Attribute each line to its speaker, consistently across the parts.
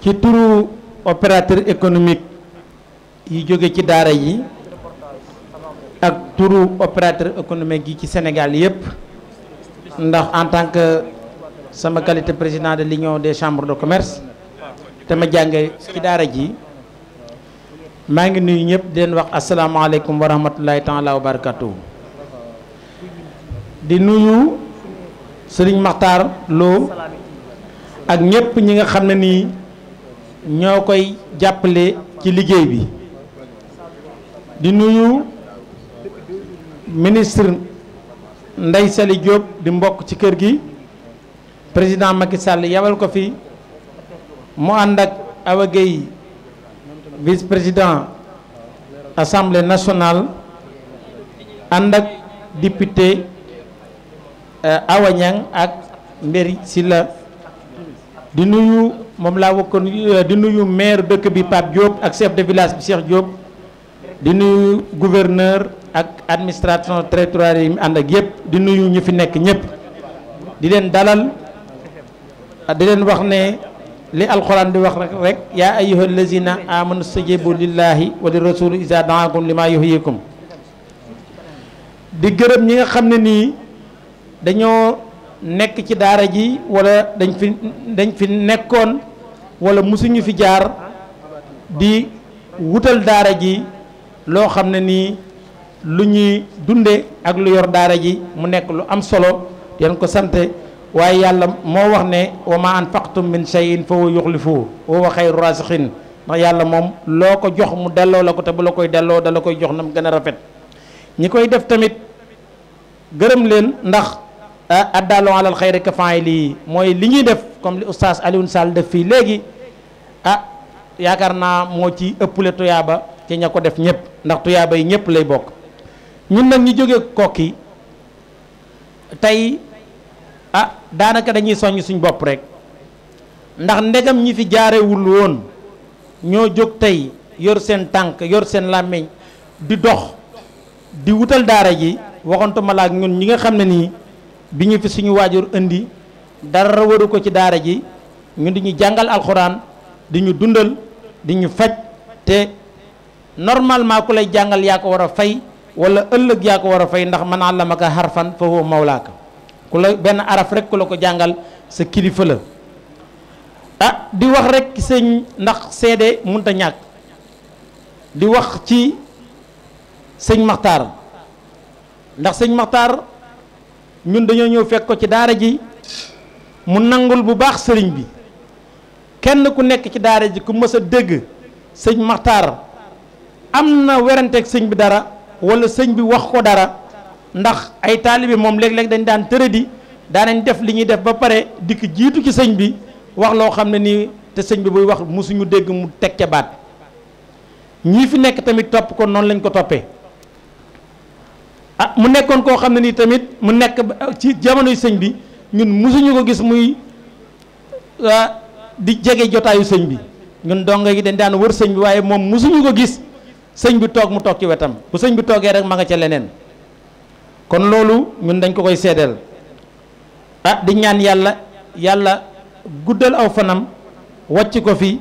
Speaker 1: ci turu opérateur économique yi jóge ci daara yi ak turu opérateur économique yi ci Sénégal yépp ndax en tant que sama qualité président de l'union des chambres de commerce te ma jànge ci daara ji maa ngi nuyu ñëpp di leen wax asalaamaaleykum wa rahmatulahi taala wa barakatuhu di nuyu Serigne Makhtar Lo ak ñëpp ñi nga xam ne nii ñoo koy jàppale ci liggéey bi di nuyu ministre Ndeye Saly di mbokk ci kër gi président Macky Sall yabal ko fi mu ànd ak Awa Gueye président assemblée nationale ànd ak député euh, Awa Niang ak Mbéri Sylla di nuyu moom laa wakkoon euh, di nuyu maire dëkk bi Pape Diop ak chef de village bi Cheikh Diop di nuyu gouverneur ak administration territoriale yi ànd ak yëpp di nuyu ñu fi nekk ñëpp di leen dalal di leen wax ne li alxuraan di wax rek rek yaa ayyuha allazina amanu stajibu lillahi wa li rasuli isa daakum li maa yuhyikum di gërëm ñi nga xam ne nii dañoo nekk ci daara ji wala dañ fi dañ fi nekkoon wala ñu fi jaar di wutal daara ji loo xam ne nii lu ñuy dunde ak lu yor daara ji mu nekk lu am solo yan ko sante waaye yàlla moo wax ne wa ma anfaqtum min shay'in fa huwa yukhlifuhu wa waa khayru raziqin ndax yàlla moom loo ko jox mu delloo la ko te bu la koy delloo da koy jox na mu gën a rafet ñi koy def tamit gërëm leen ndax Ah, addaaloo alal xayri ka faa'ili mooy li ñuy def comme li oustaz Alioune Sall def fii léegi ah yaakaar naa moo ci ëpple tuyaaba ci ña ko def ñëpp ndax tuyaaba yi ñëpp lay bokk ñun nag ñu jóge kokki tey ah daanaka dañuy soññ suñ bopp rek ndax ndegam ñi fi jaarewul woon ñoo jóg tey yor seen tànk yor seen làmmiñ di dox di wutal daara ji waxantuma la ak ñun ñi nga xam ne nii bi ñu fi suñu waajur indi dara waru ko ci daara ji ñu di ñu jàngal alxuraan di ñu dundal di ñu faj te normalement ku lay jàngal yaa ko war a fay wala ëllëg yaa ko war a fay ndax man allamaka harfan fa huwa mawlaaka ku la benn araf rek ku la ko jàngal sa kilifa la a di wax rek sëñ ndax seede munta ñàkk di wax ci sëñ Maxtaar ndax sëñ Maxtaar ñun dañoo ñëw fekk ko ci daara ji mu nangul bu baax sëriñ bi kenn ku nekk ci daara ji ku mës a dégg sëñ Maxtaar am na weranteeg sëñ bi dara walla sëñ bi wax ko dara ndax ay taalibe moom léeg-léeg dañ daan tëradi daanañ def li ñuy def ba pare dikk jiitu ci sëñ bi wax loo xam ne nii te sëñ bi buy wax musuñu dégg mu teg ca baat ñii fi nekk tamit topp ko noonu lañ ko toppee ah mu nekkoon koo xam ne nii tamit mu nekk ah, ci jamonoy sëñ bi ñun musuñu ko gis muy ah, di jege jotaayu sëñ bi ñun donga yi dañ daan wër sëñ bi waaye moom musuñu ko gis sëñ bi toog mu toog ci wetam bu sëñ bi toogee rek ma nga ca leneen kon loolu ñun dañ ko koy seedeel ah di ñaan yàlla yàlla guddal aw fanam wàcc ko fi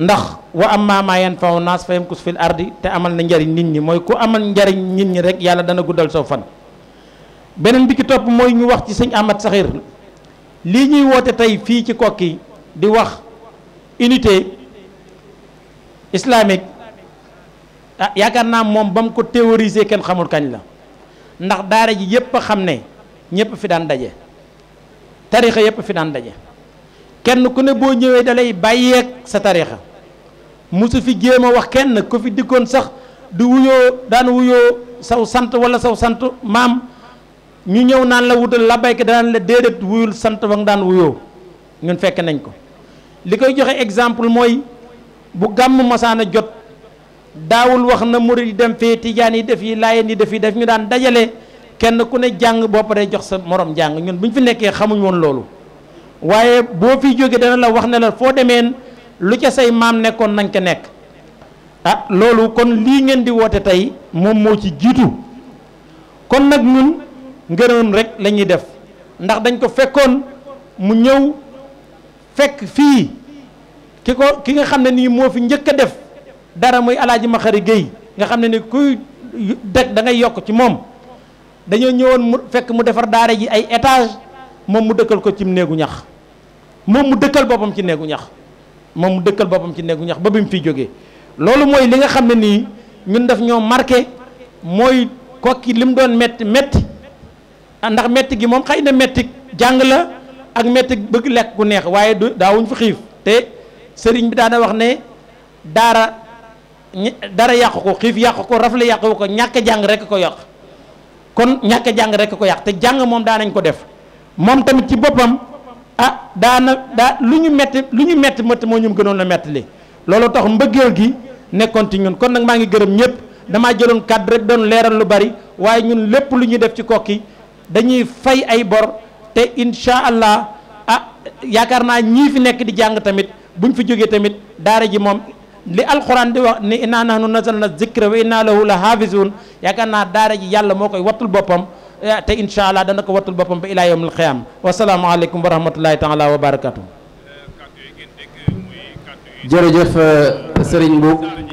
Speaker 1: ndax wa amma ma yanfa'u naas fa yamkus fil ardi te amal na njariñ nit ñi mooy ku amal njariñ nit ñi rek yàlla dana guddal soo fan beneen bi ki topp mooy ñu wax ci sëñ Ahmad Saxiir lii ñuy woote tey fii ci kokki di wax unité islamique ah yaakaar naa moom ba mu ko théoriser kenn xamul kañ la ndax daara ji yépp xam ne ñépp fi daan daje tarixa yépp fi daan daje kenn ku ne boo ñëwee dalay bàyyeeg sa tarixa musu fi jéem a wax kenn ko fi dikkoon sax du wuyoo daan wuyoo saw sant wala saw sant maam ñu ñëw naan la wutal la baykat daan la déedéet wuyul sant ba nga daan wuyoo ñun fekk nañ ko li koy joxe exemple mooy bu gàmm masaana jot daawul wax na murid yi dem fii tijaan yi def yi laayeen yi def yi def ñu daan dajale kenn ku ne jàng boo paree jox sa morom jàng ñun bu ñu fi nekkee xamuñ woon loolu waaye boo fi jógee dana la wax ne foo demeen lu ca say maam nekkoon nañ ca nekk ah loolu kon lii ngeen di woote tey moom moo ci jiitu kon nag mun ngërëm rek lañuy def ndax dañ ko fekkoon mu ñëw fekk fii ki ko ki nga xam ne nii moo fi njëkk a def dara muy alaaji Maxari Géy nga xam ne ni kuy deg da ngay yokk ci moom dañoo ñëwoon mu fekk mu defar daare ji ay étage moom mu dëkkal ko cim néegu ñax moom mu dëkkal boppam ci néegu ñax moom mu dëkkal boppam ci nekku ñax ba bi mu fi jógee loolu mooy li nga xam ne nii ñun daf ñoo marke mooy kokki li mu doon metti metti ndax metti gi moom xëy na metti jàng la ak metti bëgg lekk ku neex waaye du daawuñ fa xiif te sëriñ bi daana wax ne daara dara yàqu ko xiif yàq ko rafle yàqu ko ñàkk jàng rek a ko yàq kon ñàkk jàng rek ko yàq te jàng moom daanañ ko def moom tamit ci boppam ah daana daa lu ñu metti lu ñu metti mëtt moo ñum gënoon a metti li looloo tax mbëggeel gi nekkoon ci ñun kon nag maa ngi gërëm ñëpp damaa jëloon kàddu doon leeral lu bari waaye ñun lépp lu ñuy def ci kokki dañuy fay ay bor te incha allah ah yaakaar naa ñii fi nekk di jàng tamit bu buñ fi jógee tamit daara ji moom li alxuraan di wax ni inna nahnu nazalna zikra wa inna lahu la haafizun yaakaar naa daara ji yàlla moo koy wattul boppam Eh, te incha allah dana ko wattul boppam ba ilaa yawmil qiyaam wasalaamaaleykum wa rahmatulahi taala wa barakatu eh, jërëjëf eh, Serigne